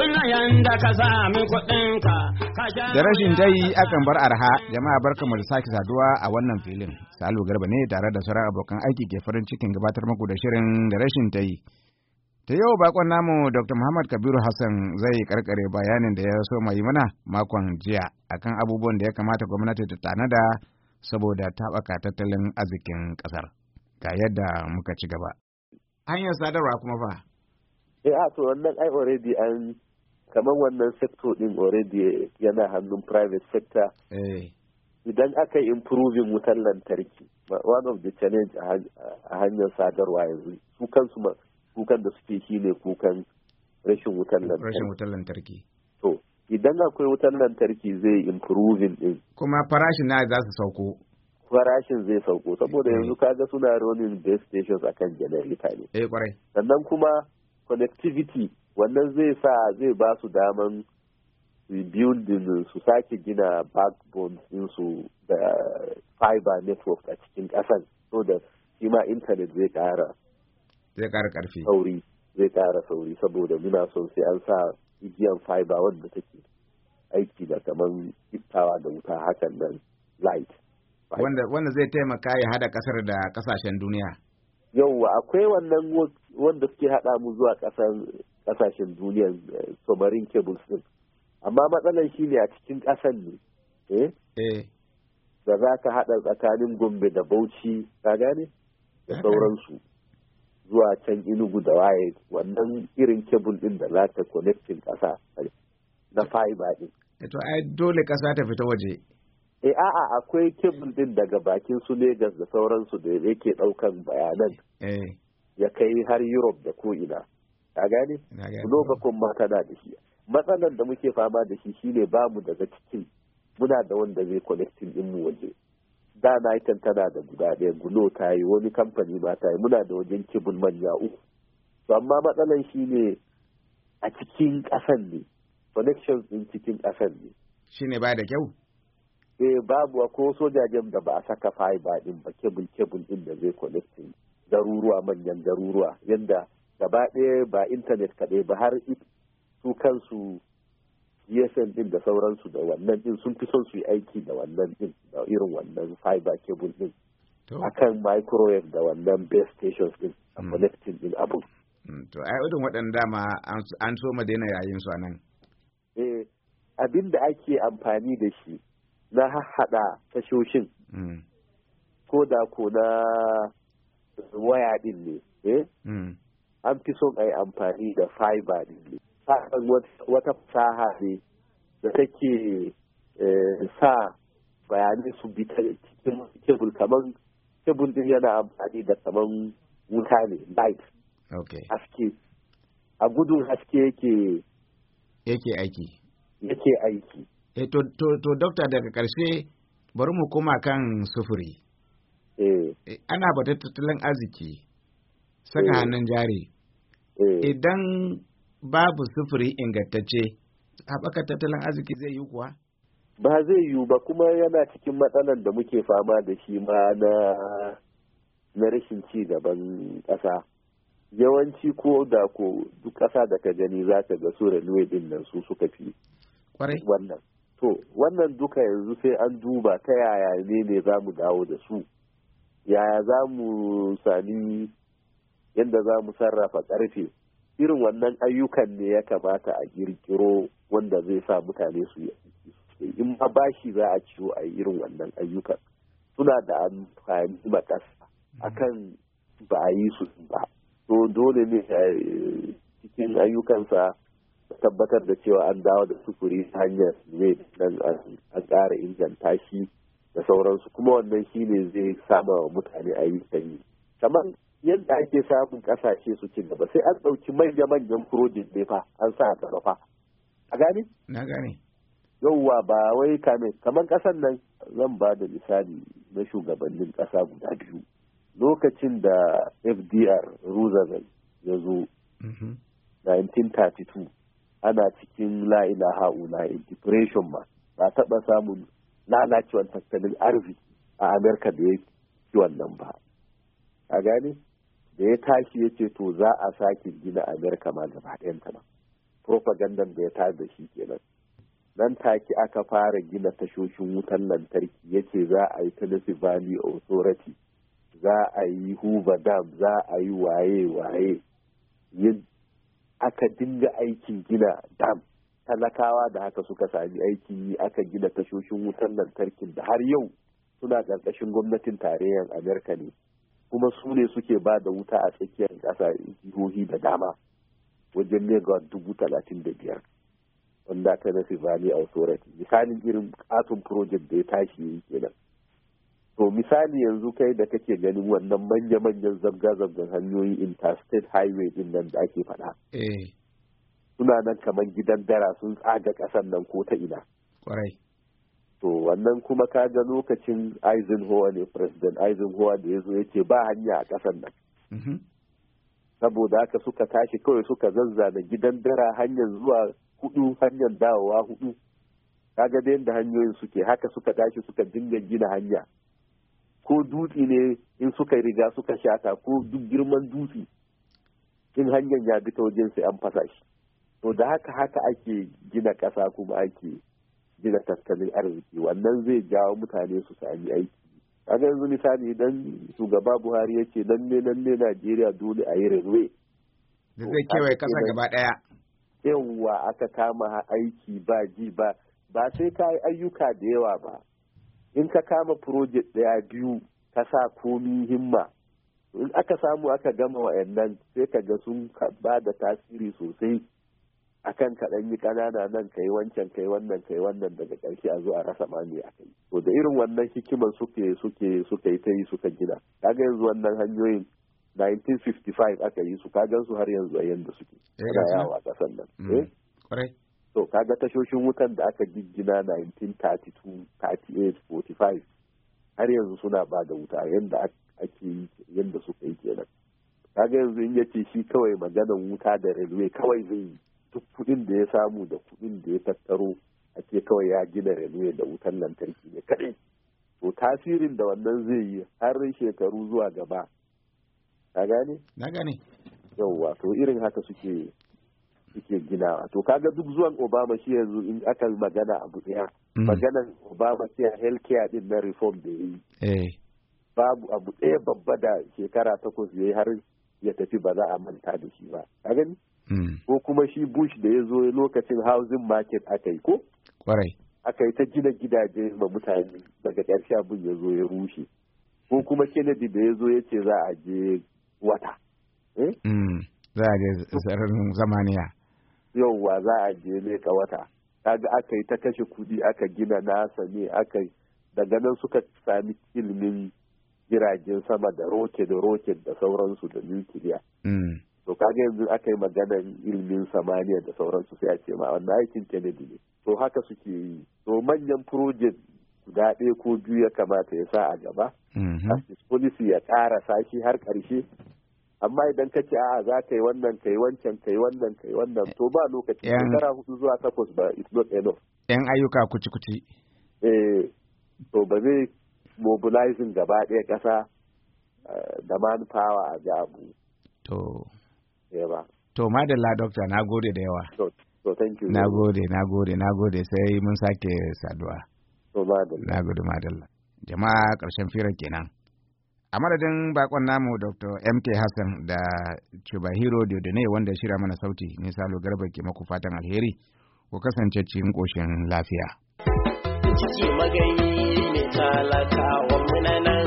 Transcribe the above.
Da rashin jayi akan bar arha jama'a barkamu da sake saduwa a wannan filin. Salu Garba ne tare da sauran abokan aiki ke farin cikin gabatar muku da shirin da rashin jayi. Ta yau bakon namu Dr. Muhammad Kabiru Hassan zai karkare bayanin da ya so mai mana makon jiya akan abubuwan da ya kamata gwamnati ta tanada saboda taɓaka tattalin arzikin ƙasar. Ga yadda muka ci gaba. Hanyar sadarwa kuma fa. Eh a to wannan ai already an kamar wannan sector din already yana hannun private sector eh. idan aka yi improving wutar lantarki one of the challenge a hanyar sadarwa yanzu su kansu kukan da suke shi ne kukan rashin wutar lantarki rashin wutar lantarki to idan akwai wutar lantarki zai improving din kuma farashin na za su sauko farashin zai sauko saboda yanzu eh. kaga suna running base stations akan generator ne eh kwarai sannan kuma connectivity wannan zai sa zai ba su daman rebuilding su sake gina backbone ɗinsu da fiber network a cikin ƙasan so da shi ma intanet zai ƙara zai ƙara ƙarfi sauri zai ƙara sauri saboda muna son sai an sa igiyan fiber wanda take aiki da kamar iftawa da wuta hakan nan light wanda wanda zai taimaka ya hada kasar da kasashen duniya yauwa akwai wannan wanda suke hada mu zuwa kasar kasashen duniya eh, samarin cables din amma matsalar shi ne a cikin kasan ne eh? Eh. da za ka haɗa tsakanin gombe da bauchi ka gane da sauransu zuwa can inugu da waye wannan irin kebul din da za ta connectin ƙasa na fiber din to ai dole ƙasa ta fita waje eh a'a akwai kebul din daga bakin su Legas da sauransu da yake ɗaukan bayanan ya kai har Europe da ko ina a gane lokacin mata na da shi matsalar da muke fama da shi shine bamu daga cikin muna da wanda zai connecting din mu waje da na tana da guda ɗaya gulo ta yi wani kamfani ba ta yi muna da wajen kibul manya uku to amma matsalar shine a cikin ƙasan ne connections din cikin ƙasan ne ne ba da kyau eh babu ko sojajen da ba a saka fiber din ba kebul kebul din da zai connecting garuruwa manyan garuruwa yadda. gaba ɗaya ba intanet kaɗai ba har su kansu gsm ɗin da sauransu da wannan ɗin sun fi son su yi aiki da wannan ɗin da irin wannan fiber cable ɗin akan microwave da wannan base stations ɗin. a mm. connecting ɗin abu mm, to ai irin waɗanda ma an so ma daina yayin su nan eh abin da ake amfani da shi na haɗa tashoshin mm. ko da ko na waya ɗin ne eh an fi son a yi amfani da fiber ne wata fasaha ne da take eh, sa bayanai su bi ta cikin kebul kamar kebul din yana amfani da kamar wuta ne light haske a gudun haske yake yake aiki yake aiki e to to to dokta daga karshe bari mu koma kan sufuri eh, eh ana batun tattalin arziki saka eh. hannun jari eh. idan babu sufuri ingantacce haɓaka tattalin arziki zai yi kuwa ba zai yiwu ba kuma yana cikin matsalar da muke fama da shi ma na na rashin ci gaban ƙasa yawanci ko da ko duk ƙasa da ka gani za ka ga su railway din nan su suka fi wannan to wannan duka yanzu sai an duba ta yaya ne ne za mu dawo da su yaya za mu sami yadda za mu sarrafa ƙarfe irin wannan ayyukan ne ya kamata a kirkiro wanda zai sa mutane su yi in ma bashi za a ciwo a irin wannan ayyukan suna da amfani ma ƙasa mm. akan ba a yi su ba to dole ne eh, cikin ayyukansa tabbatar da cewa an dawo da sufuri ta hanyar ne dan a ƙara inganta shi da sauransu kuma wannan shine zai sama wa mutane ayyukan yi kamar yadda ake samun kasashe su ci gaba sai an ɗauki manya-manyan project ne fa an sa gaba fa a gane? na gane yauwa ba wai kame kamar ƙasar nan zan ba da misali na shugabannin ƙasa guda biyu lokacin da fdr roosevelt ya zo 1932 mm-hmm. ana cikin la'ila ha'ula depression ma ba taɓa samun lalacewar tattalin arziki a amurka da ya ci wannan ba a gane da ya tashi ya ce to za a sake gina amerika ma gaba ta nan propagandan da ya tashi da shi kenan nan take aka fara gina tashoshin wutan lantarki ya ce za a yi tennessee valley authority za a yi hoover dam za a yi waye waye yin aka dinga aikin gina dam talakawa da haka suka sami aiki aka gina tashoshin wutan lantarkin da har yau suna ƙarƙashin gwamnatin tarayyar amerika ne kuma su ne suke ba da wuta a tsakiyar ƙasa jihohi da dama wajen megawatt dubu talatin da biyar wanda ta na Valley Authority misalin irin katon project da ya tashi yi kenan to misali yanzu kai da kake ganin wannan manya-manyan zabga-zabgan hanyoyi interstate highway din nan da ake faɗa eh. suna nan kamar gidan dara sun tsaga ƙasar nan ko ta ina to wannan kuma ka ga lokacin Eisenhower ne president Eisenhower da ya zo ya ce ba hanya a ƙasar nan mhm. saboda haka suka tashi kawai suka zazzana gidan dara hanyar zuwa hudu hanyar dawowa hudu kaga da yadda hanyoyin suke haka suka tashi suka dinga gina hanya ko dutse ne in suka riga suka shata ko duk girman dutse in hanyar ya bi ta wajen sai an fasa to da haka haka ake gina ƙasa kuma ake gina tattalin arziki wannan zai jawo mutane su sami aiki a yanzu misali dan shugaba buhari ya ce nan ne nan ne najeriya dole a yi railway da zai kewaye kasa gaba daya yawwa aka kama aiki ba ji ba ba sai ka yi ayyuka da yawa ba in ka kama project daya biyu ka sa komi himma in aka samu aka gama wa'annan sai ka ga sun ba da tasiri sosai akan ka ɗan yi ƙanana nan kai wancan kai wannan kai wannan daga ƙarshe a zo rasa mani a kai to da irin wannan hikiman suke suke suka yi ta yi suka gina kaga yanzu wannan hanyoyin 1955 aka yi su kaga su har yanzu a yanda suke eh, ana yawa a ƙasar nan mm, eh? to kaga tashoshin wutan da aka giggina 1932 38 45 har yanzu suna ba da wuta yanda ake yi yanda suka yi kenan kaga yanzu in yace shi kawai maganan wuta da railway kawai zai yi duk kuɗin da ya samu da kuɗin da ya tattaro a ke kawai ya gina railway da wutan lantarki ne kaɗai to tasirin da wannan zai yi har shekaru zuwa gaba ka gane na gane yauwa to irin haka suke suke ginawa to kaga duk zuwan obama shi yanzu in aka magana abu ɗaya mm. maganan obama shi a healthcare din na reform da ya yi eh. babu abu ɗaya babba da shekara takwas ya yi har ya tafi ba za a manta da shi ba ka gani Hmm. ko kuma shi bush da ya zo lokacin housing market aka yi ko kwarai aka yi ta gina gidaje ma mutane daga ƙarshe abin ya zo ya rushe ko kuma kennedy da ya zo ya ce za a je wata eh? hmm. za a je sararin zamaniya yauwa za a je ka wata kaga aka yi ta kashe kudi aka gina nasa ne aka daga nan suka sami ilimin jiragen sama da roket da roket da sauransu da nukiliya hmm. to kaga yanzu aka yi maganar ilimin samaniya da sauransu sai a ce ma wannan aikin kennedy ne to haka suke yi to manyan project guda ɗaya ko biyu ya kamata ya sa a gaba mhm. Asis policy ya ƙara sashi har ƙarshe amma idan ka ce a'a za ka yi wannan ka yi wancan ka yi wannan ka yi wannan to ba lokaci shekara hudu zuwa takwas ba it's not enough yan ayyuka kuci kuci eh to ba zai mobilizing gaba ɗaya ƙasa eh, da manpower a ga abu to ba to madalla dokta na gode da yawa So thank you na gode na gode na gode sai mun sake saduwa to madalla na gode madalla jama'a ƙarshen firar kenan a madadin bakon namu dr mk hassan da chubahiro diodone wanda shirya mana sauti ne salo garba ke maku fatan alheri ku kasance cikin koshin lafiya. Ciki magani ne wa munana